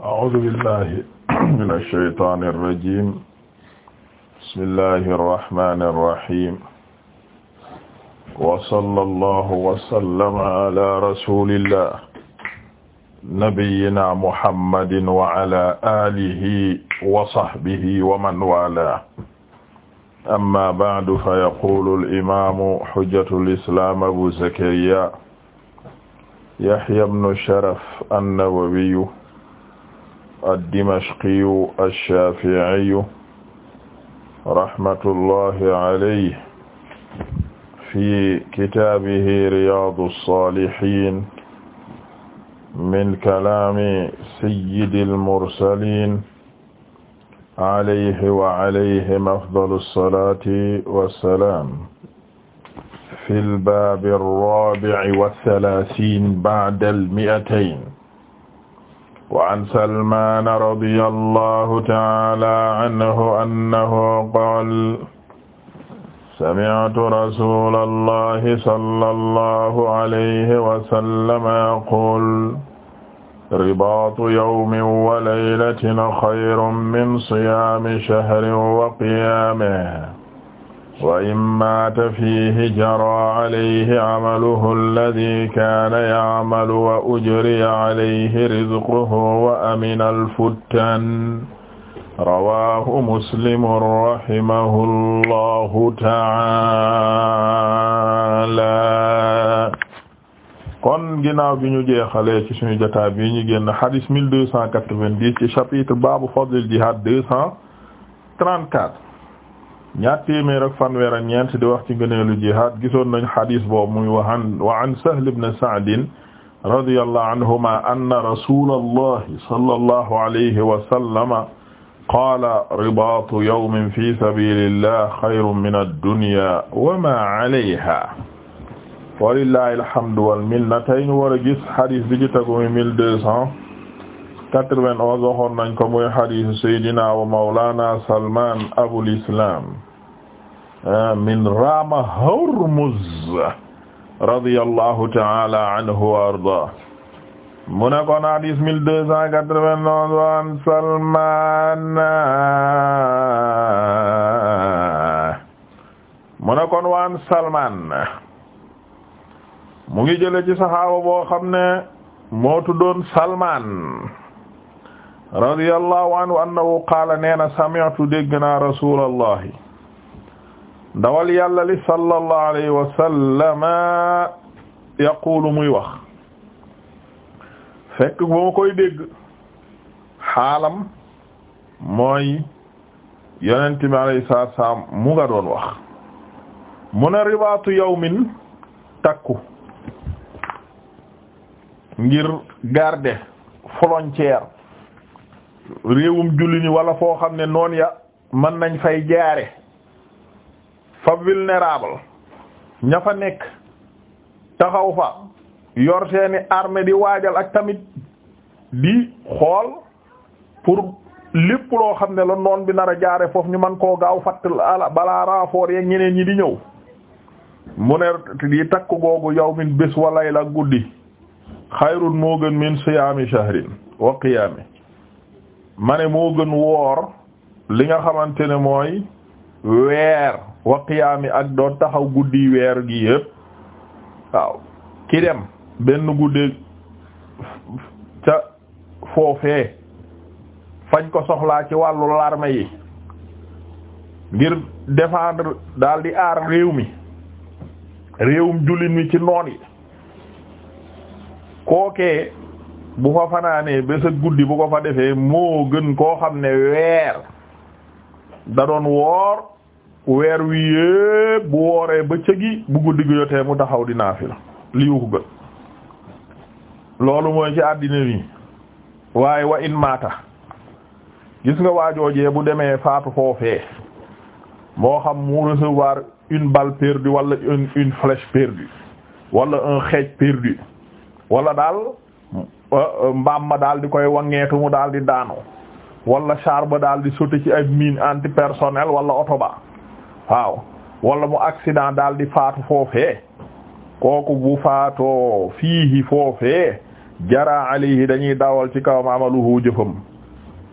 أعوذ بالله من الشيطان الرجيم بسم الله الرحمن الرحيم وصلى الله وسلم على رسول الله نبينا محمد وعلى آله وصحبه ومن والاه أما بعد فيقول الإمام حجة الإسلام أبو زكريا يحيى بن شرف النووي ad-Dimashqiyu ash-Shafi'iyu rahmatullahi alayhi fi kitaabihi Riyaadu s-Saalihiin min kalaami sayyidil mursaliin alayhi wa alayhim afdalu s-salaati wa s-salaam fil baabi r-raabi'i wa th-thalaathiin ba'da l-mi'atayn وعن سلمان رضي الله تعالى عنه أنه قال سمعت رسول الله صلى الله عليه وسلم يقول رباط يوم وليلة خير من صيام شهر وقيامه wa in maata fiihi jaraa calayhi camaluhu alladi kaana yacmalu wa ujriya calayhi rizquhu wa amina alfuttan rawaahu muslimun rahimahu allahu taala kon ginnaaw bi ñu jeexalee ci suñu jotaay bi ñu génn hadis 1290 ci chapitre baabu fadlil jihaad 234 ñaar téeméer ak fanweer ak ñeent di wax ci gëneelu jihaad gisoon nañ xadis boobu muy waan wa an Sahl ibn Sa'd radiyallahu anhuma anna rasulallahi sallallahu alayhi wa sallama qaala ribaatu yawmin fi sabilillah xayrun min ad-dunya wa ma alayha walillahi alhamdu wal minna tey ñu war a gis xadis bi ci tegu mi mille deux cents 91 waxoon nañ ko muy hadiisu Seydina wa Mawlana Salman Abul Islam ah, min Rama Hormuz radiyallahu ta'ala anhu wa ardaah mu Salman mu ne kon waan Salman mu ngi jële ci Salman radiyallahu anhu annahu qaala nee na sami'tu dégg naa rasulallahi dawal yàlla li sallallahu alayhi wa sallama yaquulu muy wax fekk ba ma koy dégg xaalam mooy yonent bi alayhi salaatu salaam mu nga doon wax mu ne ribaatu yawmin takku ngir garder frontière réewum julli ñi wala foo xam ne noon ya mën nañ fay jaare fa vulnérable ña fa nekk taxaw fa yor seeni armée di waajal ak tamit di xool pour lépp loo xam ne la noon bi nar a jaare foofu ñu man koo gaaw fatt ala balaa renfort yeeg ñeneen ñi di ñëw mu ne di takk googu yawmin bés wa layla guddi xayrun moo gën min siyaami shahrin wa qiyaami ma ne moo gën woor li nga xamante ne mooy weer wa qiyaami ak doon taxaw guddi weer gi yëpp waaw ki dem benn guddi ca foofee fañ ko soxlaa ci wàllu larme yi ngir défendre daldi aar réew mi réewum jullit mi ci noon yi kookee bu fa fanaanee bés ak guddi bu ko fa defee moo gën koo xam ne weer da doon woor weer wi yépp bu wooree ba cëgi bu guddi gi jotee mu taxaw di naafila lii ko gën loolu mooy ci àddina wi waaye wa in maata gis nga waajoojee bu demee faatu foofee moo xam mu recevoir une balle perdue wala une une flèche perdue wala un xeej perdu wala daal Euh, mbaam ma daal di koy wangeetu mu daal di daano walla char ba daal di sauter ci ay mine antipersonnel wala oto ba waaw wala mu accident daal di faatu foofee kooku bu faatoo fiihi foofee jara alayhi dañuy dawal ci kawam amaluhu jëfam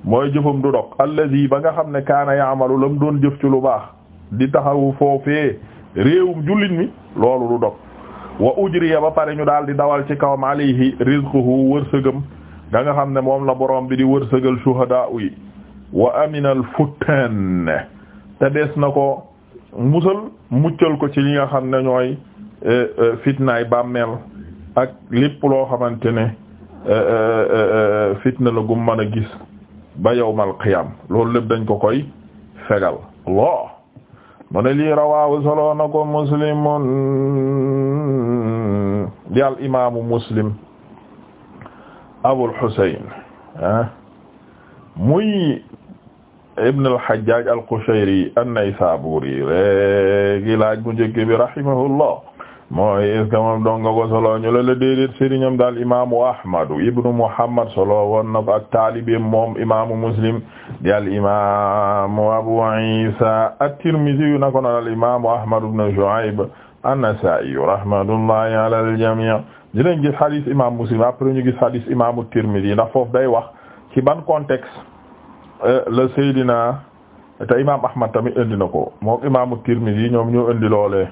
mooy jëfam du dog allazi ba nga xam ne kaana yaamalu lam doon jëf ci lu baax di taxawu foofee réewum jullit mi loolu du dog wa ujriya ba pare ñu daal di dawal ci kawam alayhi rizquhu wërsëgam ga nga xam ne moom la borom bi di wërsëgal shuhadaa yi wa aminal futtan te des na ko musal muccal ko ci li nga xam ne ñooy e, e, fitnaay bàmmeel ak lépp loo xamante ne e, fitna la gum mën a gis ba yawmal qiyam loolu lépp dañ ko koy fegal Allah mu ne lii rawaahu solo na ko muslimun di al imaamu muslim Abul Husayn ah muy Ibn al-Hajjaj al-Qushayri an-Naysaburi léegi laaj mu njëkk bi rahimahullah mooy est-ce que moom dong nga ko solo ñu la la déedéet sëriñam daal imaamu Ahmadu ibnu Muhammad solo woon ko ak taalibeem moom imaamu Muslim di al imaamu Abu Isa at-Tirmidhi na ko al imaamu Ahmad ibnu Shu'ayb an-Nasa'i rahmatullahi ala al-jami' dinañ gis hadith imaamu Muslim après ñu gis hadith imaamu Tirmidhi ndax foofu day wax ci ban euh, la Seydina te imaam Ahmad tamit indi na ko moom imaamu Tirmidhi ñoom ñoo indi loolee.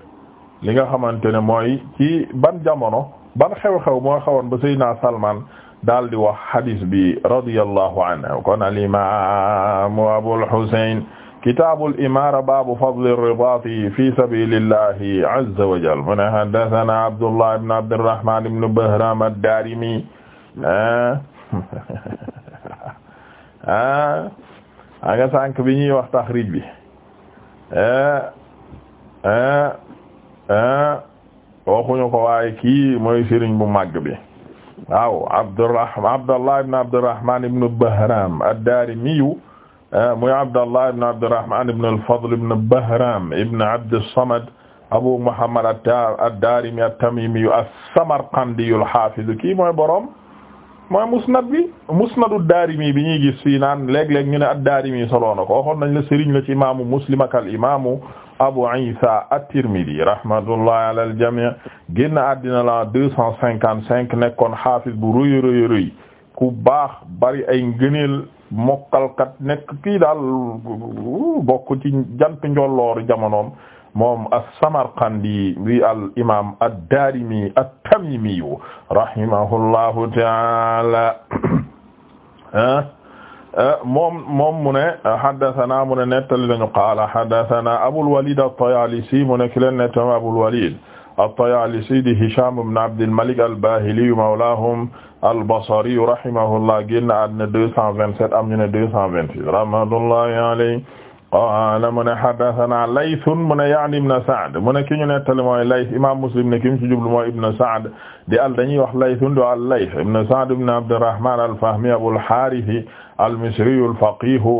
li nga xamante ne mooy ci ban jamono ban xew-xew moo xawoon ba Seydina Salman daal di wax hadis bi radiyallahu anhu kon al imam Abul Husayn kitaabul imaara baabu fadli ribaati fi sabiilillahi azza wa jal mu ne haddasanaa Abdullah ibn Abdirrahmaan ibn Bahraam ad-Daarimi ah nga sànq bi ñuy wax taxriij bi ah waxuñu ko waaye kii mooy sëriñ bu màgg bi waaw Abdurrahman Abdallah ibn Abdurrahman ibn Bahram ad-Daarimi muy Abdallah ibn Abdurrahman ibn al-Fadl ibn Bahram ibn Abd as-Samad Abu Muhammad ad-Daarimi at-Tamimi as-Samarqandi al-Hafiz kii mooy borom mooy musnad bi musnadu Daarimi bi ñuy gis fii naan léeg-léeg ñu ne ad-Daarimi solo na ko waxoon nañ la sëriñ la ci imaamu Muslim ak al imaamu Abu Isa at-Tirmidhi ala al-jami' génn àddina la deux cinquante-cinq nekkoon xaafis bu rëy rëy rëy ku baax bari ay ngëneel mokkalkat nekk kii daal bokk ci jant njolloor jamonoom moom as-Samarqandi bi al-imam ad-Darimi at-Tamimi rahimahullahu ta'ala moom moom mu ne haddathana mu ne nettali lañu qaala haddathana Abul Walid at-Tayalisi mu ne ki leen nettali Abul Walid at-Tayalisi di Hisham ibn Abd al-Malik al-Bahili mawlahum al-Basri rahimahullah génn àddina 227 am ñu ne 228 rahmatullahi alayhi qaala mu ne haddathana Layth mu ne yaani ibn Sa'd mu ne ki ñu nettali mooy Layth imam Muslim ne ki mu ci jublu mooy ibn Sa'd di al dañuy wax Layth di al Layth ibn Sa'd ibn Abd al-Rahman al-Fahmi Abul Harith al-Misriyu al-faqiihu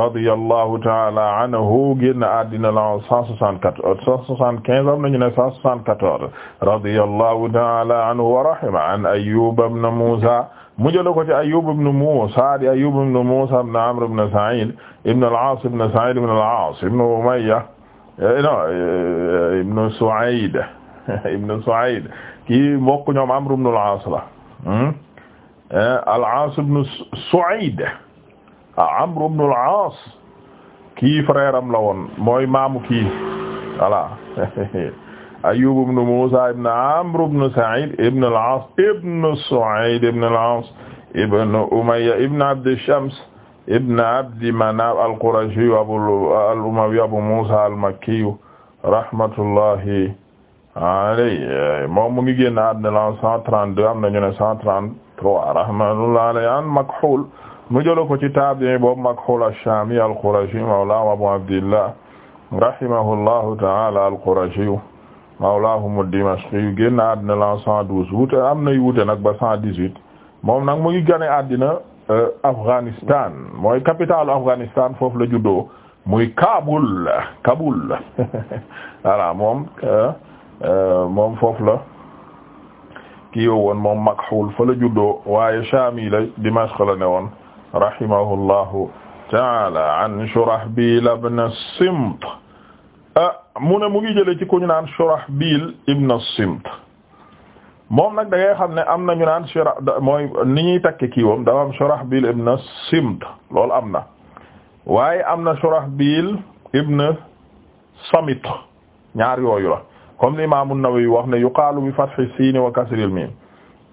radiyallahu ta'ala anhu génn àddina la 174 175 am nañu ne 174 radiyallahu ta'ala anhu wa rahima an Ayyub ibn Musa mu jël ko ci Ayyub ibn Musa di Ayyub ibn Musa ibn Amr ibn Sa'id ibn al-As ibn Sa'id ibn al-As ibn Umayya eh, eh, ibn Su'ayd ibn Su'ayd kii mbokk ñoom Amr ibn al-As la hmm, eh, al-As ibn Su'ayd Ah, Amr ibn al-Aas kii frère am la woon mooy maamu kii voilà Ayyub ibn Musa ibn Amr ibn Sa'id ibn al-Aas ibn Su'ayd ibn al-Aas ibn Umayya ibn Abd Shams ibn Abd Manaf al-Qurashi al-Umawi Abu Musa al-Makki rahmatullahi alayhi moom mu ngi génn àdduna la 132 am nañu ne 133 rahmatullahi alayhi an Makhul mu jëloon ko ci taabi'i boobu Makhul ash-Shami al-Qurashi mawlaahu Abu Abdillah rahimahullahu ta'ala al-Qurashi mawlaahum ad-Dimashqi génn àddina la 112 wuute am nay wuute nag ba 118 moom nag mu ngi gane àddina euh, Afghanistan mooy capitale Afghanistan foofu la juddoo muy Kaabul Kaabul voilà moom euh, euh, moom foofu la. kii woon moom Makhul fa la juddoo waaye Shami la Dimashq la ne woon. rahimahullahu taala an Shurahbil ibn Simt ah, mu ne mu ngi jëlee ci ku ñu naan Shurahbil ibn Simt moom nag da ngay xam ne am na ñu naan Shurah mooy ni ñuy takk kii woom dafa am Shurahbil ibn Simt loolu am na waaye am na Shurahbil ibn Samit ñaar yooyu la comme l'imam An-Nawawi wax ne yuqaalu bi fathi sin wa kasril mim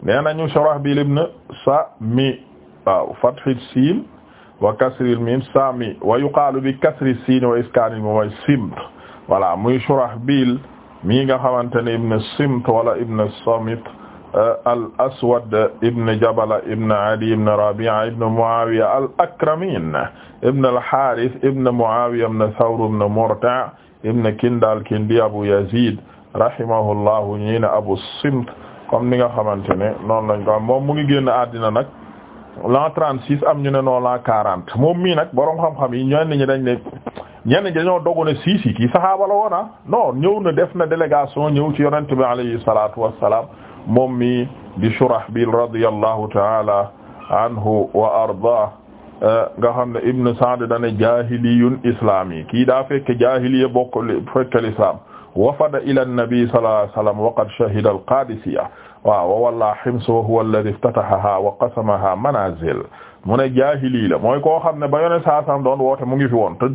nee nañu Shurahbil ibn Samit waaw fathi siin wa kasril miim saami wa yuqaalu bi kasri siin wa iskaanil mooy simt voilà muy Shurahbil mii nga xamante ne ibn simt wala ibn samit euh, al aswad ibn jabala ibn adi ibn rabi'a ibn muawiya al akramin ibn al harith ibn muawiya ibn thawr ibn murta' ibn kinda al kindi abu yazid rahimahullahu ñi ne abu simt comme ni nga xamante ne noonu lañ ko moom mu ngi génn àddina nag l'an trente-six am ñu ne noonu l'an quarante moom mii nag borom xam-xam yi ñenn ñi dañ ne ñenn ñi dañoo dogu ne sii si kii saxaaba la woon ah non ñëw na def na délégation ñëw ci yonent bi alayhi salaatu wassalaam moom mii di Shurahbil radiyallahu ta'ala anhu wa arda nga xam ne Ibn Sa'd dane jaahiliyun islaami daa fekk bokk fekk l'islam wafada ila an-nabi sallallahu alayhi wasallam wa waaw wa walla ximsu wa huwa alladhi iftatahaha wa qasamaha manazil mu ne jaahili mooy koo xam ne ba yoneen saa salaam woote mu ngi fi woon te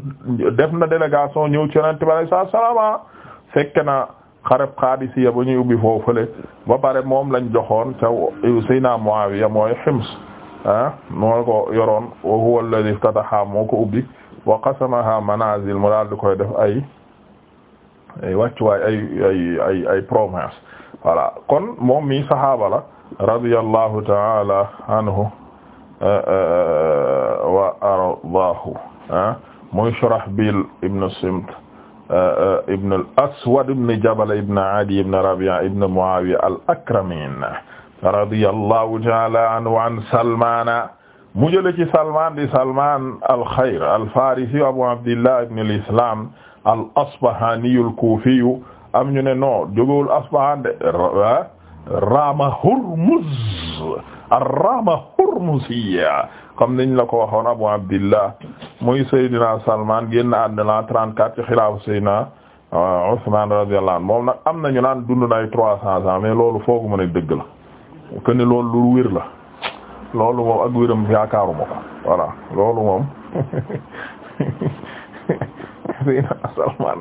def na délégation ñëw ci yonent bi ah. Qaadisiya ba ñuy ubbi foofu fële pare moom lañ joxoon ca Seyna Muawiya mooy Hims ah moo ko yoroon wa huwa alladhi iftataha moo ko ubbi wa manazil mu daal di koy def ay ay wàccuwaay ay ay province voilà kon moom mi saxaaba la radiyallahu taala anhu euh, euh, wa ardaahu muy Shurahbil ibn Simt euh, ibn al-Aswad ibn Jabal ibn Adi ibn Rabi'a ibn Muawiya al-Akramin radiyallahu taala anhu an Salmaana mu jële ci Salmaan di Salmaan al-Khayr al-Farisi Abu Abdillah ibn al-Islam al-Asbahani al-Kufi am ñu ne non jógewul Asfahan de ah, Rama Hurmuz ar-Rama Hurmuziyya comme niñ la ko waxoon Abu Abdillah muy Seydina Salman génn àddina la 34 ci xilaafu Seydina ah, Usman radiyallahu anhu moom nag am nañu naan dund na ay 300 ans mais loolu foogu ma ne dëgg la que ni loolu lu wér la loolu moom ak wéram yaakaaruma ko loolu moom Seydina Salman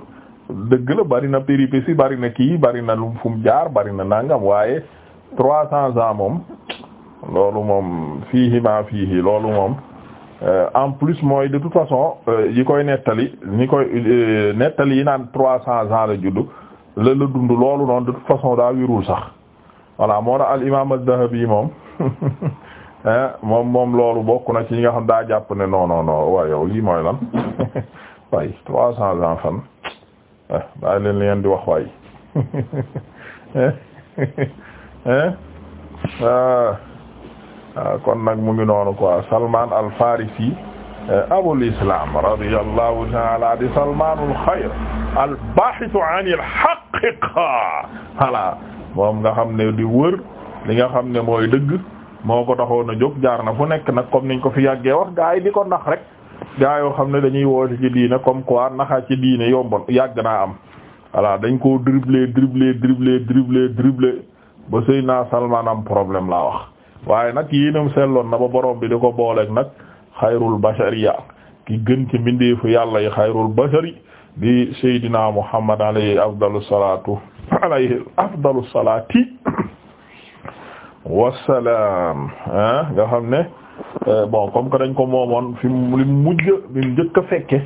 dëgg la bari na péripétie bari na kii bari na lu fu jaar bari na nangam waaye trois cents ans moom loolu moom fiihi ma fiihi loolu moom euh, en plus mooy de toute façon euh, yi koy nettali ni koy euh, nettali yi naan trois cents ans la judd la la dund loolu noonu de toute façon daa wirul sax voilà moo tax al imam az-Zahabi moom moom loolu bokk na ci ñi nga xam daa jàpp ne non non non waaye yow lii mooy lan waaye trois cents ans fan ah bàyyi leen leen di wax waay eh? Eh? Ah. Ah, kon nag mu ngi noonu quoi Salman al Farisi eh, abul islam radiyallahu di Salmanul xayr al anil haqiqa voilà moom nga xam ne di wër li nga xam ne mooy dëgg moo ko taxoon a jóg jaar na fu nekk nag comme niñ ko fi yàggee wax gaa yi di ko nax rek. gaa yoo xam ne dañuy woote ci diine comme quoi naxa ci diine yombon yàgg naa am voilà dañ koo dribbler dribbler dribbler dribbler dribbler ba sëy naa Salman am problème la wax waaye nag yéenam selloon na ba borom bi di ko booleeg nag xayrul bashariya ki gën ci mbindeefu yàlla yi xayrul bashari bi Seydina Muhammad alayhi afdalu salaatu alayhi afdalu salaati wassalaam ah, nga xam ne Euh, bon comme que dañ ko moomoon fi mu li mujj li mu njëkk a fekke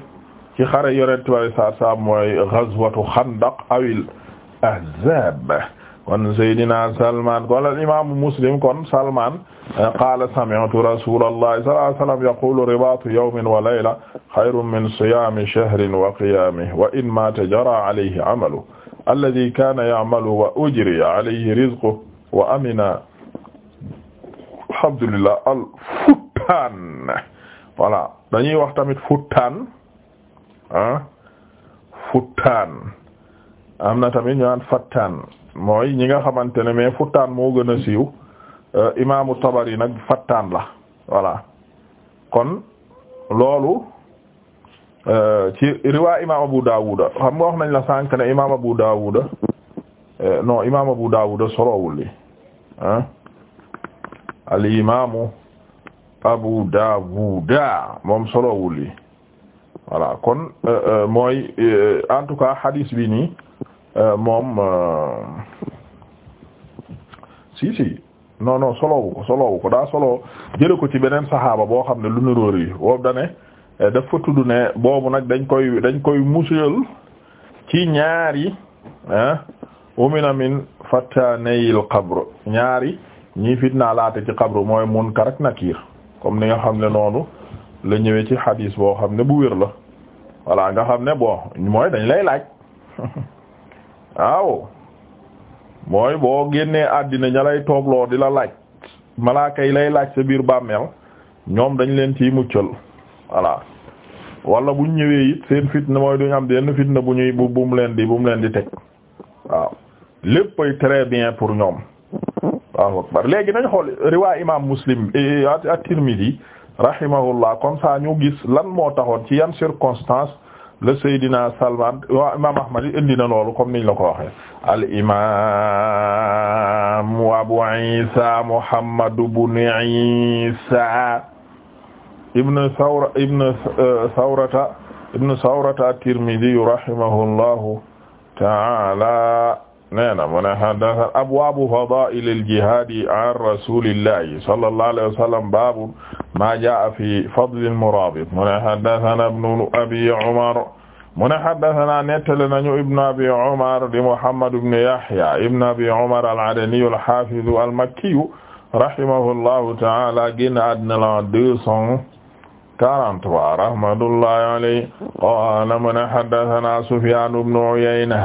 ci xare yonent bi saa saa mooy ghazwatu xandaq awil ahzab kon Seydina Salman kon al imaamu Muslim kon Salman euh, qaala sami'tu rasuulallahi sallallahu alayhi wa sallam yaqulu ribaatu yawmin wa layla xayrun min siyaami shahrin wa qiyaamihi wa in maata jaraa alayhi amaluhu alladhi kaana ya'malu wa ujriya alayhi rizquhu wa amina alhamdulillah al voilà dañuy wax tamit futtaan ah? futtaan am na tamit ñu naan fattaan mooy ñi nga xamante ne mais futtaan moo gën a siiw euh, imaamu Tabari nag fattaan la voilà kon loolu euh, ci riwaa imaam Abu Daawuda xam nga wax nañ la sànq ne imaam Abu Daawuda euh, non imaam Abu Daawuda solowul li al imaamu Abu Daawuda moom solowul yi voilà kon euh, euh, mooy euh, en tout cas hadis bi nii moom si si non non solowu ko daa solo jële ko ci beneen saxaaba boo xam ne lu nuróor yi boobu dane ne boobu nag dañ koy dañ koy musal ci ñaari umina min fatanayil qabr ñaari ñii fitna laate ci xabru mooy munkar ak nakiir comme ni nga xam ne noonu la ñëwee ci xadiis boo xam ne bu wér la voilà nga xam ne bon mooy dañ lay laaj waaw mooy boo génnee àddina ña lay toogloo di la laaj malaaka yi lay laaj sa biir bàmmeel ñoom dañ leen ciy muccal voilà wala buñ ñëwee it seen fitna mooy duñ am benn fitna bu ñuy bu mu leen di bu mu leen di teg waaw léppay très bien pour ñoom Allahu akbar léegi nañ xool riwaay imam Muslim eh, at-Tirmidhi rahimahullah comme ça ñu gis lan moo taxoon ci yan circonstance le Seydina Salman wa imam Ahmad indi na loolu comme niñ la ko waxee al imam Abu Isa Muhammad ibn Isa ibn Thawra eh, ibn Thawrata ibn Thawrata at-Tirmidhi rahimahullahu ta'ala nee na mu ne haddasa abwaabu fadaa'ilil jihaadi an rasuulillaahi sallallaahu alayhi wa sallam baabu maa jaa'a fii fadlil muraabit mu ne haddasanaa ibnu abii umar mu ne haddasanaa nettali nañu ibnu abii umar di muhammad ibnu yahyaa ibnu abii umar al-adaniyyu al-haafizu al-makkiyyu rahimahullaahu ta'aalaa génn àddina la deux cent quarante-trois rahmatullaahi alayhi qaala mu ne haddasanaa sufyaanu ibnu uyayna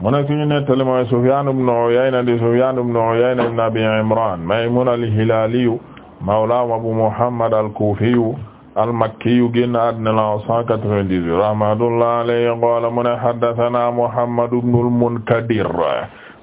mu ne suñu nettali mooy Sufyaan ibn Uyayna di Sufyaan ibn Uyayna ibn Abi Imraan Maymuun al-Hilaaliyu mawlaa Abu Muhammad al-Kuufiyu al-Makkiyu génn àddina la 198 rahmatullahi alayhi qaala mu ne haddathanaa Muhammad ibn al-Munkadir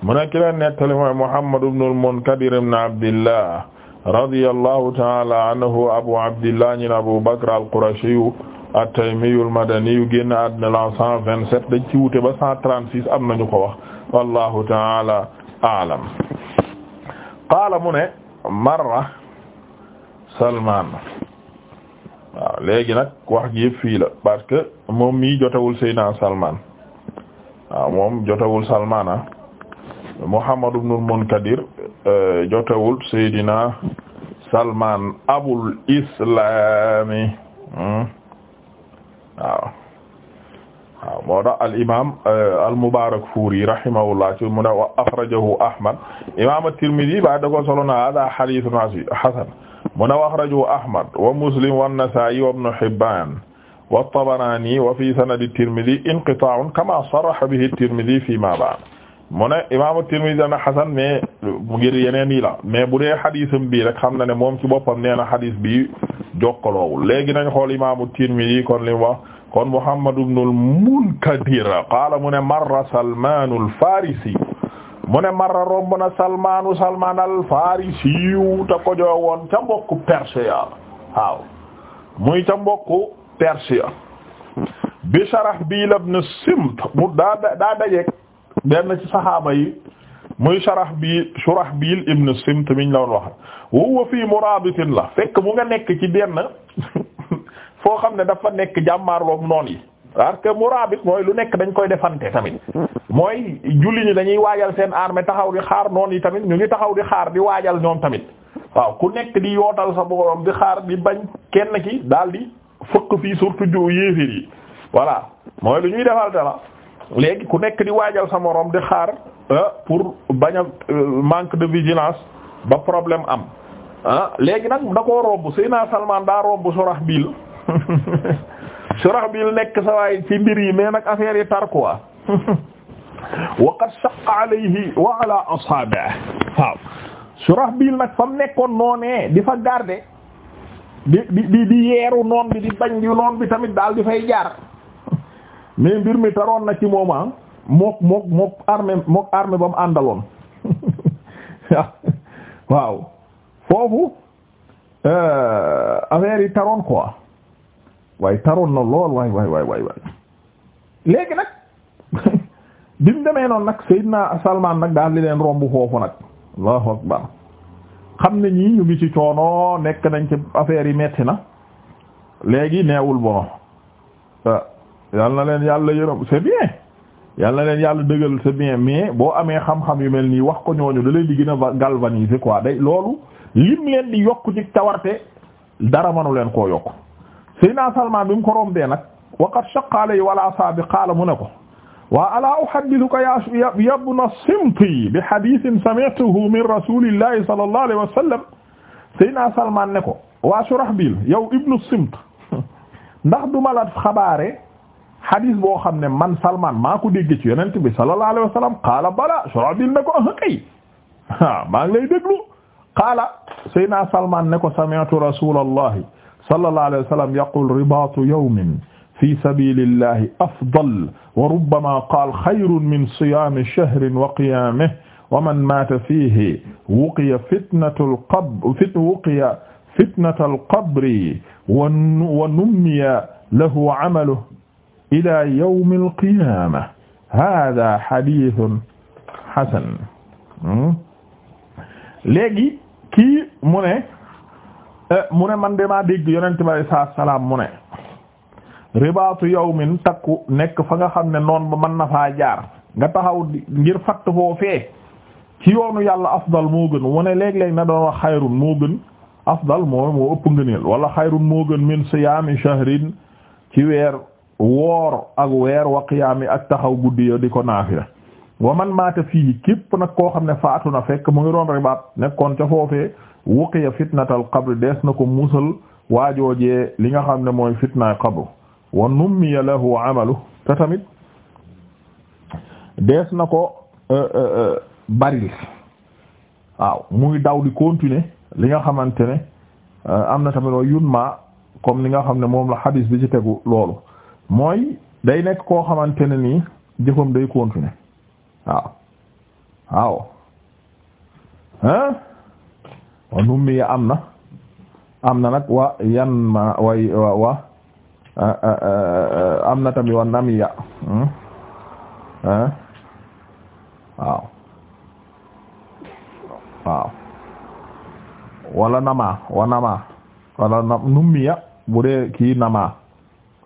mu ne ki leen nettali mooy Muhammad ibn al-Munkadir ibn Abdillah radiyallahu ta'aala anhu Abu Abdillah ibn Abu Bakr al-Qurashiyu at-Taymiyu al-Madaniyu génn àddina la 127 dañ ci wute ba 136 am nañu ko wax wallahu taala aalam qaala mu ne marra Salmaan waaw léegi nag wax ji yëpp fii la parce que moom mii jotawul Seydina Salmaan waaw moom jotawul Salmaan ah Muhammad ibnul Munkadir euh, jotawul Seydina Salmaan abul islaami hmm? waaw waaw moo tax al imaam euh, al Mubaarakfuuri rahimahullah ci mu ne wa axrajahu Ahmad imaam at-Tirmidhi ba da ko solo na haaza hadiisun hasan mu ne wa axrajahu Ahmad wa Muslim wa an-Nasaa'i wa Ibn Hibbaan wa at-Tabaraani wa fi sanadi at-Tirmidhi inqitaa'un kamaa sarraha bihi at-Tirmidhi fiimaa ba'da mu ne a Tirmidhi dana xasan mais ngir yeneen yi la mais bu dee xadisam bii rek xam na ne moom ci boppa nee na xadis bi jokkaloowul léegi nañ xool imaamu Tirmidhi kon li mu wax kon Muhammad ibn al-Munkadir qaala mu ne marra Salmaan al-Faarisi mu ne marra romb na Salmaanu Salmaan al-Faarisi te ko joo woon ca mbokku Perse ya muy ca mbokku Perse bi Shurahbiil ibn Simt mu daa daa dajeek benn ci saxaaba yi muy sharax bi Shurahbil ibn Simt miñ la woon wax huwa fii muraabitin la fekk mu nga nekk ci benn foo xam ne dafa nekk jàmmaarloom noon yi parce que muraabit mooy lu nekk dañ koy defante tamit mooy julli ñi dañuy waajal seen armée taxaw di xaar noon yi tamit ñu ngi taxaw di xaar di waajal ñoom tamit waaw ku nekk di yootal sa borom di xaar bi bañ kenn ki daal di fëkk fii surtout ju yéeféer yi voilà mooy lu ñuy defal te léegi ku nekk di waajal sa moroom di xaar euh, pour bañ euh, manque de vigilance ba problème am ah léegi nag da koo romb Seydina Salman daa romb Surahbil Surahbil nekk sa waay ci mbir yi mais nag affaire yi tar quoi wa qad shaqqa alayhi wa ala ashabihi waaw Surahbil nag fa mu nekkoon noonee di fa garder di di di yeeru noon bi di bañ di noon bi tamit daal di fay jaar. mais mbir mi taroon na ci moom ah mook mook mook armée mook armée ba mu àndaloon waaw foofu euh, affaire yi taroon quoi waaye taroon na lool waay waay waay léegi nag bi mu demee noonu nag Seydina Salman nag daal di leen romb foofu nag allahu akbar xam ne ñii ñu ngi ci coono nekk nañ ci affaire yi metti na léegi neewul bon euh, yal na leen yàlla yërëm c'est bien yal na leen yàlla dëgal c'est bien mais boo amee xam-xam yu mel nii wax ko ñooñu da leen di gën a galvaniser quoi day loolu lim leen di yokku ci tawarte dara manu leen koo yokk Seydina Salman bi mu ko rombee nag waqad shaqqa alayhi wala saabi qaala mu ne ko wa alaa uhaddithuka ya ibna simti bi hadithin sami'tuhu min rasulillahi sallallahu alayhi wa sallam Seydina Salman ne ko waa Shurahbil yow ibnu simt ndax duma xabaare xadis boo xam ne man Salman maa ko dégg ci yonent bi sallallahu alayhi wa sallam qaala bala Shuraabil ne ko ah kay maa ngi lay déglu qaala Seyna Salman ne ko sami'tu rasulallahi sallallahu alayhi wa sallam yaqul ribaatu yawmin fi sabilillahi afdal wa rubbama qaala xayrun min siyaami shahrin wa qiyaamihi wa man maata fiihi wuqiya fitnatul qabr fit wuqiya fitnatal qabri wa nummiya lahu amaluhu ila yawm al-qiyaama haaza hasan hmm? léegi kii eh, mu ne man de maa dégg yonent bi salaam mu ne ribaatu yawmin takku nekk fa nga xam ne noon ba mën na faa jaar nga taxaw ngir fatt foofee ci yoonu yàlla afdal moo gën mu ne léeg-léeg na doon wax xayrun moo afdal moo moo ëpp ngëneel wala xayrun moo gën min siyaami shahrin ci weer woor ak weer wa qiyaami ak taxaw guddi yo di ko naafila wa man maata fii képp nag koo xam ne faatu na fekk mu ngi doon ribaat nekkoon ca foofee wuqiya fitnatal qabr dees na ko musal waajoojee li nga xam ne mooy fitnaay qabr wa nummiya lahu amalu te tamit dees na ko eh, eh, eh, baril waaw muy daw di continuer li nga xamante ne am na tamit wa yun ma comme li nga xam ne moom la hadis bi ci tegu loolu mooy day nekk koo xamante ne nii jëfam day continuer waaw waaw hein wa nummi ya am na am na nag wa yan ma way wa wa am na tamit wa nami ya hmm? hein waaw wala nama wa nama wala nummi ya bu dee nama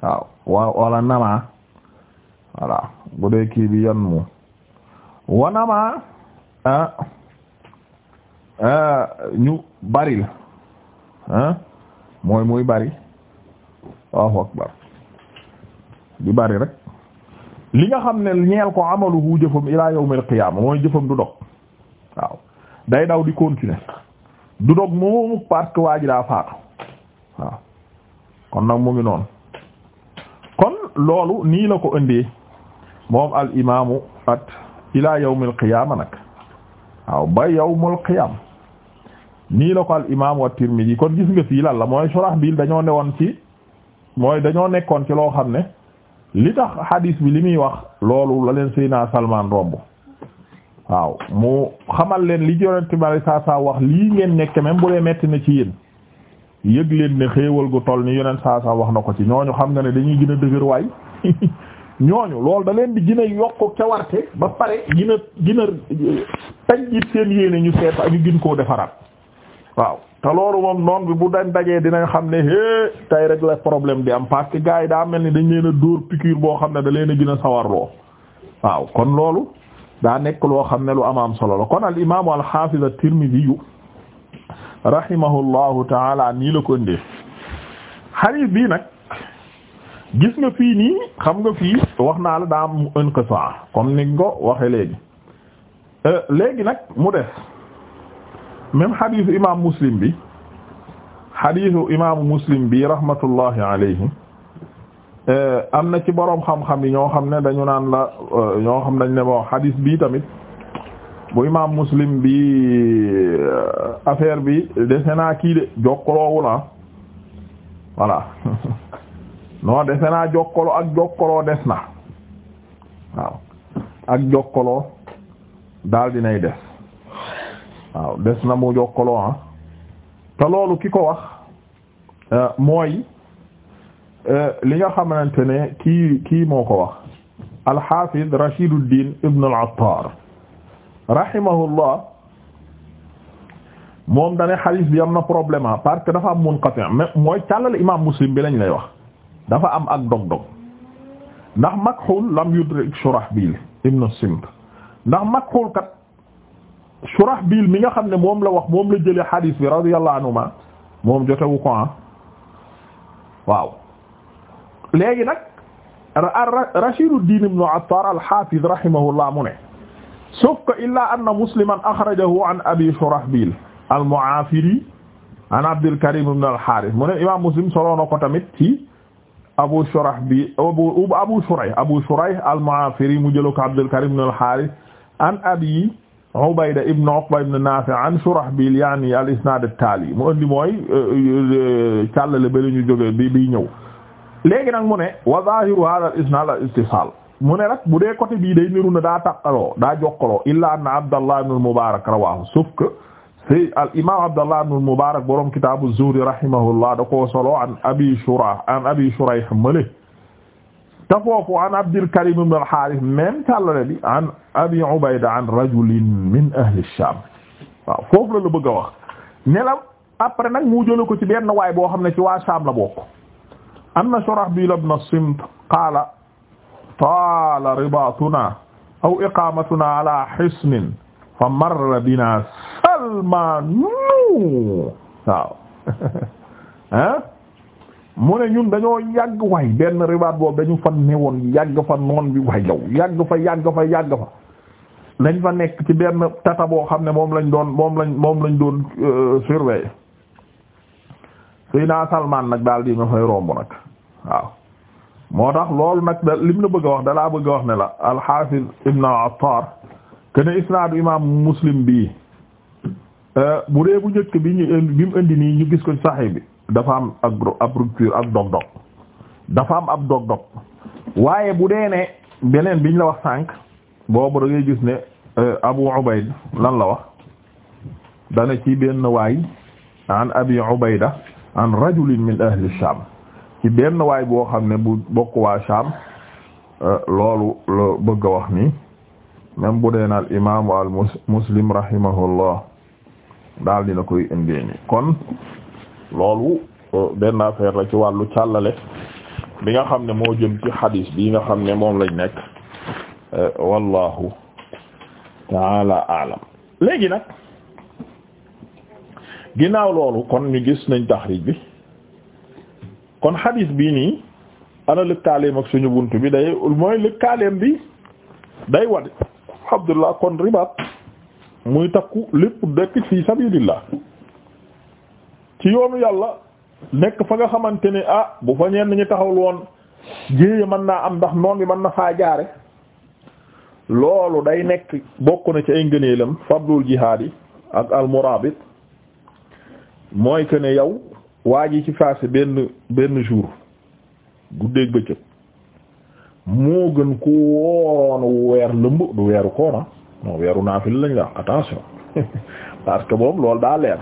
waaw wa wala nama voilà bu dee kii bi yan mu wa nama ñu baril ah mooy muy bari Allahu akbar di bari rek li nga xam ne ñeel ko amaluhu jëfam ila yawmil qiyaama mooy jëfam du dog waaw day daw di continuer du dog moomu parce que daa faatu waaw kon nag mu ngi noonu loolu nii la ko indee moom al imaamu at ila yawmil qiyaama nag waaw ba yawmul qiyaama nii la ko al imaamu at-Tirmidhi kon gis nga fii lan la mooy Shurahbil dañoo newoon ci mooy dañoo nekkoon ci loo xam ne li tax hadis bi li muy wax loolu la leen Seydina Salman romb waaw mu xamal leen li Yonent bi saa saa wax lii ngeen nekk même bu dee metti na ci yéen. yëg leen ne xéewal gu toll ni yeneen saa saa wax na ko ci ñooñu xam nga ne dañuy gën a dëgër waay ñooñu lool da leen di gën a yokk cawarte ba pare gina gina gën a eh, tajjit seen yéene ñu seeta ñu gën koo defaraat waaw te loolu moom noon bi bu dañ dajee dinañ xam ne é tey rek la problème di am parce gaa yi daa mel ni dañ leen a dóor piqûre boo xam ne da leen a gën a sawarloo waaw kon loolu daa nekk loo xam ne lu am am solo la kon al imaamu al xaafiz at-Tirmidhi rahimahullahu taala nii la ko indee xadiis bii nag gis nga fii nii xam nga fii wax naa la daa am inqita comme ni nga ko waxee léegi euh, léegi nag mu des même xadiisu imaamu muslim bi xadiisu imaamu muslim bi rahmatullahi alayhi euh, am na ci boroom xam-xam yi ñoo xam ne dañu naan la euh, ñoo xam dañ ne bon xadiis bii tamit bu imaam muslim bi euh, affaire bi dese naa kii de jokkoloowu la ah. voilà non dese naa jokkoloo ak jokkoloo des na waaw ak jokkoloo daal dinay des waaw des na mu jokkoloo ah te loolu ki ko wax euh, mooy euh, li nga xamante ne kii kii moo ko wax al-Hafiz Rashiduddin ibn al-Attar rahimahullah moom dane xadiis bi am na problème ah parce que dafa am munqati mooy càllale imaam muslim bi lañ lay wax dafa am ak dog-dog ndax Makhul lam yudrik Shurahbil ibn Simt ndax Makhul kat Shurahbil mi nga xam ne moom la wax moom la jëlee xadiis bi radiyallahu anhuma moom jotewu ko ah waaw léegi nag Rashiduddin ibn Attar al-Hafiz rahimahullah mu ne sauf que illaa anna musliman axrajahu an abi shurahbil al-mu'afiri an abdul karim ibn al-harith mu ne imam muslim solo na ko tamit ci abu shurahbil abu shurayh abu shurayh al-mu'afiri mu jëlo ko abdul karim ibn al-harith an abi ubayda ibn uqba ibn nafi' an shurahbil yaani al-isnad at-tali mu andi mooy euh, euh, càllale ba la ñu jóge bi bi ñëw léegi nag mu ne wa zahiru hadha al-isnad al-ittisal mu ne nag bu dee côté bii day niru daa taqaloo daa jokkaloo illa anna abdallah ibn al mubarak rawahu sauf que abdallah ibn al mubarak borom kitaabu zuhd rahimahullah da koo an abi shura an abi shurayh male an abdul karim ibn al harith même bi an abi ubayda an rajulin min ahli sham waaw la la bëgg a wax ne la nag mu ko ci benn waay boo xam ne ci waa sham la simt qaala taala ribatuna aw iqamatuna ala hisnin fa marra bina salmaanu waaw ah mu ne ñun dañoo yàgg waay benn ribaat boobu dañu fa newoon yàgg fa noon bi waay yow yàgg fa yàgg fa yàgg fa lañ fa nekk ci benn tata boo xam ne moom lañ doon moom lañ moom lañ doon euh, surveiller suy salmaan nag daal di ma fay romb nag waaw moo tax loolu nag da lim la bëgg a wax dalaa bëgg a wax ne la al-Hafiz Ibn Attar kene isnaadu imam Muslim bii euh, bu dee bu njëkk bi ñu bi mu indi nii ñu gis ko Sahih bi dafa am ak ab rupture ak dog-dog dafa am ab dog-dog waaye bu dee ne beneen biñ la wax sànq boobu da ngay gis ne euh, Abu Ubayd lan la wax dana ci benn waay an Abi Ubayda an rajulin min ahli Sham ci benn waay boo xam ne bu bokk waa Sham euh, loolu la bëgg a wax ni même bu deen al imaamu al muslim rahimahullah daal dina koy indee ni kon loolu euh, benn affaire la ci wàllu càllale bi nga xam ne moo jëm ci xadiis bi nga xam ne moom lañ nekk euh, wallahu taala alam léegi nag ginnaaw loolu kon ñu gis nañ taxriij bi kon xadis bii nii ana lëkkaaleem ak suñu bunt bi day mooy lëkkaaleem bi day wat Abdullah kon ribaat muy takku lépp dekk fi sabilillah ci yoonu yàlla nekk fa nga xamante ni ah bu fa ñenn ñi taxawul woon jéeya mën naa am ndax noon bi mën na faa jaare loolu day nekk bokk na ci ay ngëneelam fadlul jihaad yi ak almurabit mooy que ne yow waa ji ci faase benn benn jour guddeeg bëccëg moo gën ku woon weer lëmb du weeru koona ah, weeru naafil lañ la attention parce que moom loolu daa leer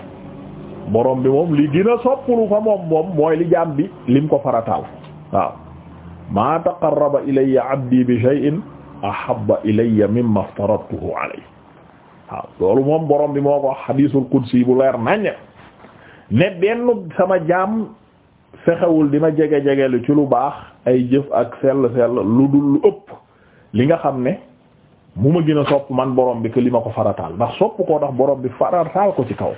borom bi moom li gën a soppulu fa moom moom mooy li jaam bi lim ko farataal waaw maa taqarraba ilayya abdi bi shay'in ahabba ilayya mimma aftaradtuhu alayhi waaw loolu moom borom bi moo ko xadiisul qudsi bu leer naññe ne benn sama jaam fexewul di ma jege jegelu ci lu baax ay jëf ak sell sell lu dul lu ëpp li nga xam ne mu ma gën a sopp man borom bi que li ma ko farataal ndax sopp koo tax borom bi farataal ko ci kaw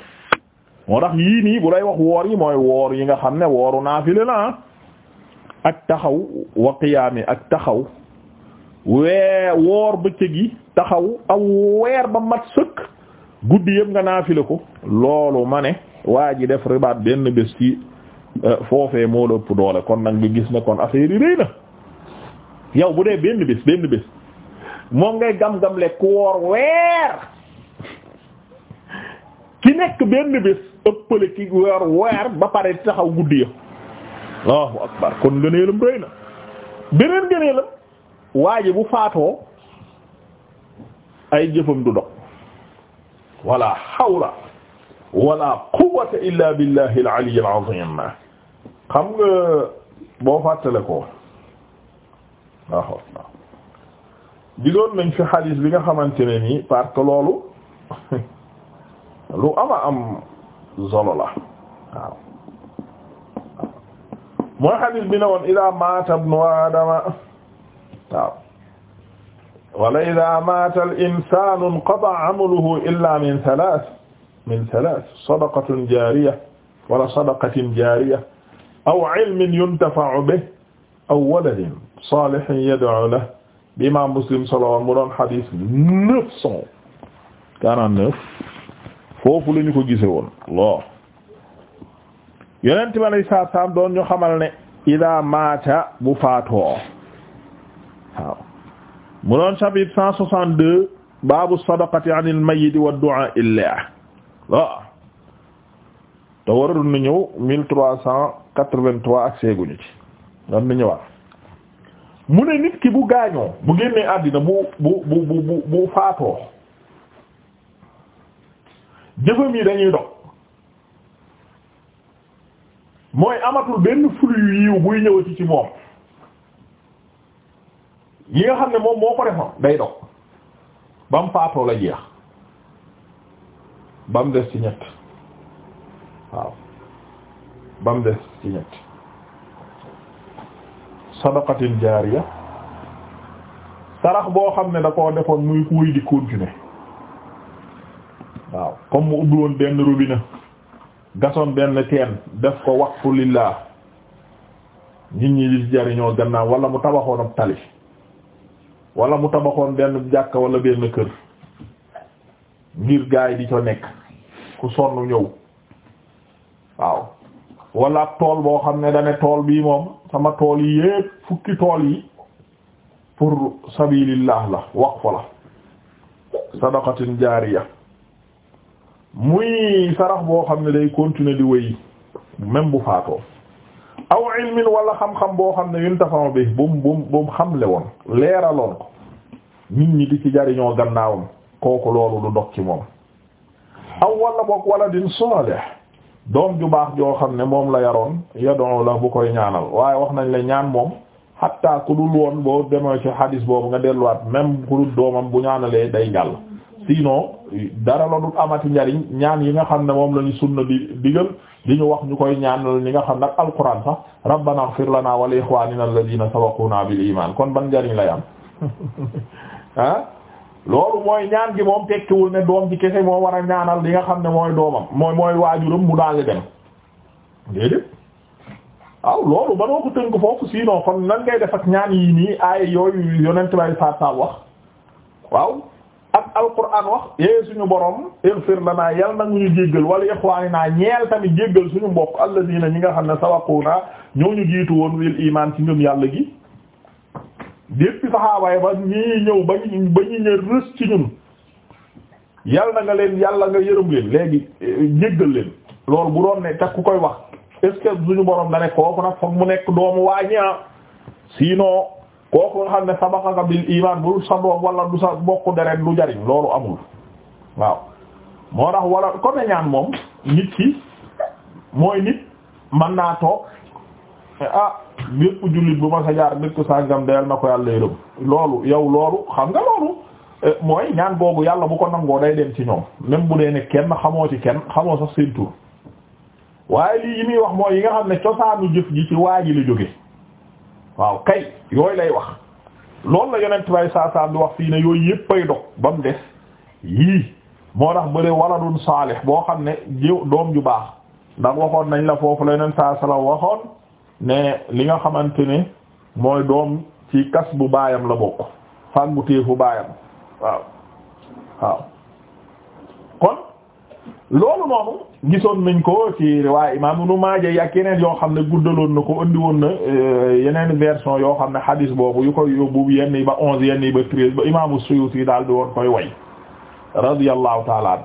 moo tax yii nii bu lay wax woor yi mooy woor yi nga xam ne wooru naafile naa ah. ak taxaw wa qiyaami ak taxaw wee woor bëccëg yi taxaw aw weer ba mat sëkk guddi yëpp nga naafile ko loolu ma ne waa ji def ribaat benn bés ci euh, foofee moo la ëpp doole kon nag nga gis ne kon affaire yi rëy na yow bu dee benn bés benn bés moom ngay gam-gam lekk woor weer ki nekk benn bés ëppale ki woor weer ba pare taxaw guddi ya Allahu akbar kon ngëneelam rëy na beneen ngëneelam waa bu faatoo ay jëfam du dog walla xawla wala quwwata illa billahi al-ali al-azim xam nga boo fàttale ko waaw gisoon nañ fi xadiis bi nga xamante ne nii parce que loolu lu ama am solo la waaw mooy xadiis bi ne woon ida maata ibnu aadama waaw wala ida maata al-insaanu inqata'a amaluhu illa min thalath min thalath sadaqatun jaariya wala sadaqatin jaariya aw ilmin yuntafa'u bihi aw waladin salihin yad'u lahu bi imaam Muslim solo mu doon xadis neuf cent quarante-neuf foofu la ñu ko gise woon lo yonent bi alayhi salaatu salaam doon ñu xamal ne ida maata bu faatoo waaw mu doon chapitre cent soixante-deux baabu sadaqati anil mayyiti wa du'a illah waaw te waroon na ñëw mille trois cent quatre-vingt-trois ak seeguñu ci war na ñëwaat mu ne nit ki bu gaañoo bu génnee àddina bu bu bu bu bu faatoo jëfam yi dañuy dog mooy amatul benn flux yu yiw buy ñëw ci moom yi nga xam ne moom moo ko defoon day dog ba faatoo la jeex ba mu des ci ñett waaw ba mu des ci ñett sadaqatin jaariya sarax boo xam ne da koo defoon muy wéy di continuer waaw comme mu ubbi benn robinet gasoon benn teen def ko waqfu lillah nit ñi di jariñoo gannaaw wala mu tabaxoon ab tali wala mu tabaxoon benn jàkka wala benn kër ngir gaay di ko nekk ku sonn ñëw waaw wala tool boo xam ne dane tool bii moom sama tool yi yépp fukki tool yi pour sabilillah la wax waqfa la sadaqatin jaariya muy sarax boo xam ne day continuer di wéy même bu faatoo aw ilmin wala xam-xam boo xam ne yuntafamu bi bum bum bum xamle woon leeraloon ko nit ñi di ci jariñoo gannaawam kooku loolu du dox ci moom aw wala boog waladin salih doom ju baax joo xam ne moom la yaroon yadoo la bu koy ñaanal waaye wax nañ la ñaan moom hatta ku dul woon boo demee ci hadis boobu nga delluwaat même ku dul doomam bu ñaanalee day jàll sinon dara la dul amati njariñ ñaan yi nga xam ne moom la ñu sunna di digal di ñu wax ñu koy ñaanal ñi nga xam ne nag alquran sax rabbana ighfir lana wa li ikhwanina alladhina sabaquna bi iman kon ban njariñ lay am loolu mooy ñaan gi moom tekkiwul ne doom ji kese moo war a ñaanal li nga xam ne mooy doomam mooy mooy waajuram mu daal di dem déedéet waaw loolu ba noo ko tënk foofu sinon kon nan ngay def ak ñaan yi nii ay yooyu yonent bay saa saa wax waaw ak alquran wax yee suñu borom ighfir lana yal na ñu jéggal wala naa ñeel tamit jéggal suñu mbokk alladina ñi nga xam ne sabaquna ñoo ñu jiitu woon wil iman ci ngëm yàlla gi déppi saxaabaay ba ñii ñëw ba ñu ba ñëw rës ci ñun yal na nga leen yàlla nga yërëm leen léegi eh, jéggal leen loolu bu doon ne te ku koy wax est-ce que suñu borom da ne kooku nag foog mu nekk doomu waañaa ah. sinon kooku nga xam ne sabaqaka bil iman bu sa doom wala du sa bokk deret du jariñ loolu amul waaw moo tax wala ko ñaan moom nit ki mooy nit mën naa toog ah bépp jullit bu ma sa jaar dëkk sàngam deel na ko yàlla yërëm loolu yow loolu xam nga loolu eh, mooy ñaan boobu yàlla bu ko nangoo day dem ci ñoom même bu dee ne kenn xamoo ci kenn xamoo sax seen tur waaye lii yi muy wax mooy yi nga xam ne cosaanu jëf ji ci waa ji la jóge waaw kay yooy lay wax loolu la yonent bay saasaam di wax fii ne yooyu yëpp ay dog ba mu des yii moo tax bëre waladun saalih boo xam ne jiw doom ju baax ndax waxoon nañ la foofu la yonent saa salaam ne li nga xamante ni mooy doom ci kas bu baayam la bokk fàggu téefu baayam waaw waaw kon loolu noonu gisoon nañ ko ci riwaay imam Ibn Maaja yi ak yeneen yoo xam ne guddaloon na ko andi woon na euh, yeneen version yoo xam ne hadis boobu yu koy yóbbu yenn yi ba onze yenn ba treize ba imaamu yi daal di woon koy way radiyallahu taala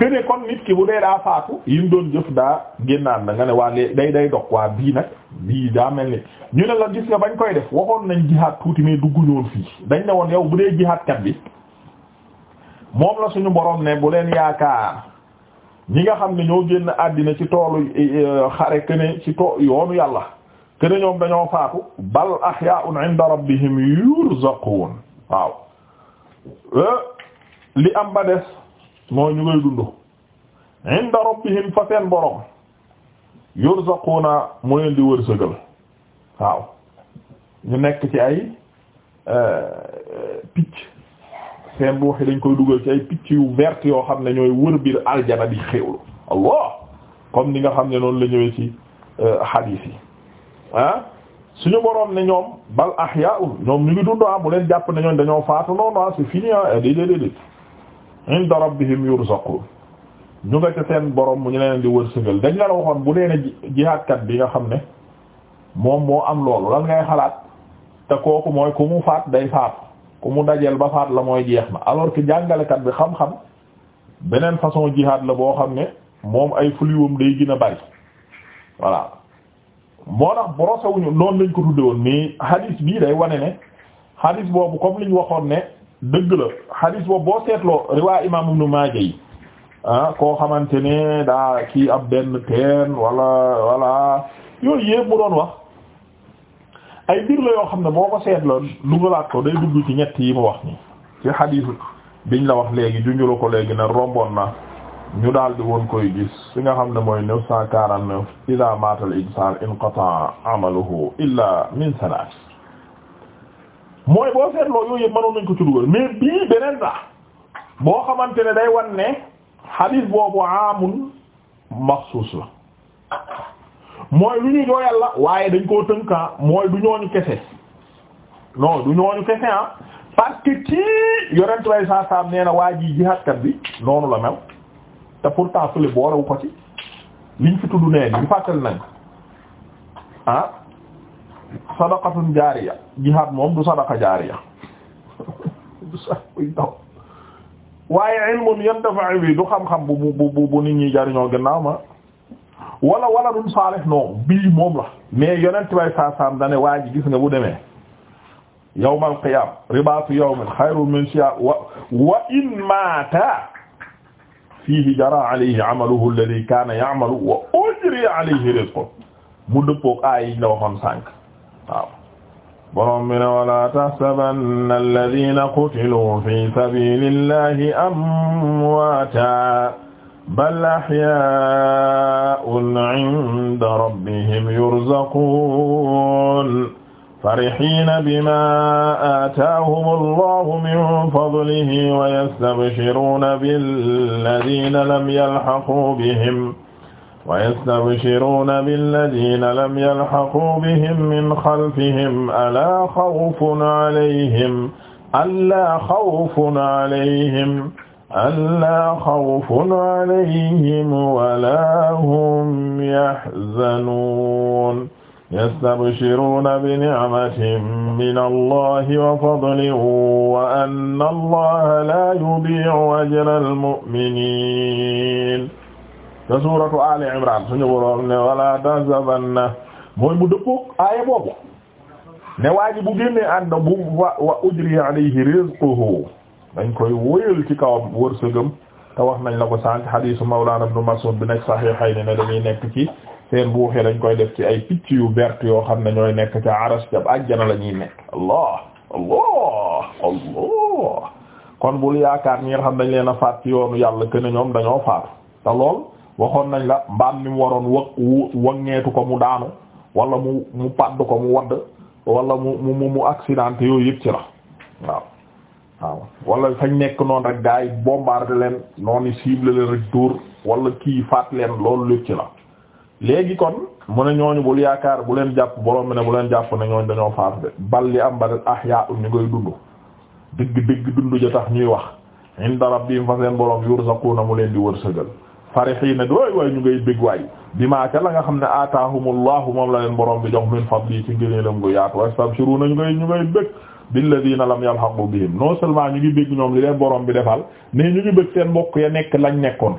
këne kon nit ki bu dee daa faatu yi mu doon jëf daa génnaan na nga ne waa day day dox waa bii nag bii daa mel ni ñu ne la gis nga bañ koy def waxoon nañ jihaad tuuti mais dugguñu woon fii dañ ne woon yow bu dee jihaadkat bi moom la suñu borom ne bu leen yaakaar ñi nga xam ne ñoo génn àddina ci toolu eh, xare këne ci tool yoonu yàlla këne ñoom dañoo faatu bal ahyaa'un 'inda rabbihim yurzaqun waaw eh, li am ba des moo ñu ngay dund inda rabbihim fa seen borom yurzaquna mu leen di wërsëgal waaw ñu nekk ci ay euh, euh, seen ruux dañ koy dugal ci ay yoo xam ne ñooy wër biir aljana di xéewlu allah comme nga xam ne noonu la ñëwee ci euh, hadith yi ah suñu boroom ne ñoom bal ahyaa'un ñoom ñu ngi dund ah leen jàpp ne ñoom dañoo faatu non inda rabbihim yurzaqun ñu nga ca seen borom mu ñu leen di wërsëgal dañ la waxoon bu dee ne jihaatkat bi nga xam ne moom moo am loolu lan ngay xalaat te kooku mooy ku mu faat day faat ku mu dajeel ba faat la mooy jeex na alors que jàngalekat bi xam-xam beneen façon jihaat la boo xam ne moom ay fluwam day gën a bari voilà moo tax borosewuñu noonu lañ ko tudde woon mii hadis bii day wane ne hadis boobu comme liñ waxoon ne dëgg la xadis boobu boo seetloo riwaa imam Ibn Maaja yi ah koo xamante ne daa kii ab benn teen wala wala yooyu yëpp mu doon wax ay mbir la yoo xam ne boo ko seetloo dugalaat ko day dugg ci ñett yi mu wax nii ci xadis biñ la wax léegi junjula ko léegi ne romboon na ñu daal di woon koy gis fi nga xam ne mooy neuf cent quarante neuf ida maatal insaan inqata amaluhu illa min salaas mooy boo seetloo yooyu yëpp mënoon nañ ko ci dugal mais bii beneen la boo xamante ne day wan ne xadiis boobu amun maxsuus la mooy lu ñuy jooyal la waaye dañ koo tënkaa ah mooy du ñooñu kese non du ñooñu kese ah parce que kii yorent way sa saam nee na waa ji jihaatkat bi noonu la mel te pourtant fële boolewu ko ci liñ fi tudd nee bi du fàttal nañ ah sadaqatun jaariya jihaad moom du sadaqa jaariya du sax buy taw waaye ilmun yantafa bi du xam-xam bu bu bu bu nit ñi jariñoo gannaaw ma wala waladun saalih non bii moom la mais yonent bay saasaam dane waa ji gis nga bu demee yawmal qiyaam ribaatu yawmin xayrun min siyaam wa wa in maata fiihi jaraa alayhi amaluhu alladhi kaana ya'malu wa ujriya alayhi rizquhu mu dëppook aay yi la waxoon sànq waaw borom bi ne wala tahsabanna alladhina qutilu fi sabilillahi amwata bal ahya'un 'inda rabbihim yurzaqun farihina bima atahum allahu min fadlihi wa yastabshiruna billadhina lam yalhaqu bihim ويستبشرون بالذين لم يلحقوا بهم من خلفهم ألا خوف عليهم ألا خوف عليهم ألا خوف عليهم ولا هم يحزنون يستبشرون بنعمة من الله وفضل وأن الله لا يضيع أجر المؤمنين te suuratu Ali Imran suñu boroom ne wala tasabanna mooy mu dëppook aaya boobu ne waa ji bu génnee ànd bu wa wa ujri alayhi rizquhu dañ koy wóyal ci kawam wërsëgam te wax nañ la ko sànq hadiisu Mawlaana Ibnu Mas'uud bi nekk Sahiihayni ne dañuy nekk ci seen buux yi dañ koy def ci ay picc yu vert yoo xam ne ñooy nekk ca aras jab àjjana la ñuy nekk allah allah allah kon bul yaakaar ñi xam dañ leen a faat ci yoonu yàlla que ñoom dañoo faatu te lool waxoon nañ la mbaam mi mu waroon wëq wëngeetu ko mu daanu wala mu mu padd ko mu wadd wala mu mu mu accidenté yooyu yëpp ci la waaw waaw wala fañ nekk noonu rek gars yi bombardé leen noonu cible leen rek dóor wala kii faat leen loolu lépp ci la léegi kon mu ne ñooñu bul yaakaar bu leen jàpp borom bi ne bu leen jàpp ne ñooñu dañoo faatu de bal li am ba ahyaa ñu ngay dund dëgg dëgg dund ja tax ñuy wax inda rabbihim fa seen borom yurzaquna mu leen di wërsëgal farihiina waay waay ñu ngay bég waay bimaa la nga xam ne aataahumullahu moom la leen borom bi jox min fadli ci ngëneelam gu yaatu wastabshiruuna ñu ngay ñu ngay bég billadina lam yalhaqu bihim non seulement ñu ngi bég ñoom li leen borom bi defal mais ñu ngi bég seen mbokk ya nekk lañ nekkoon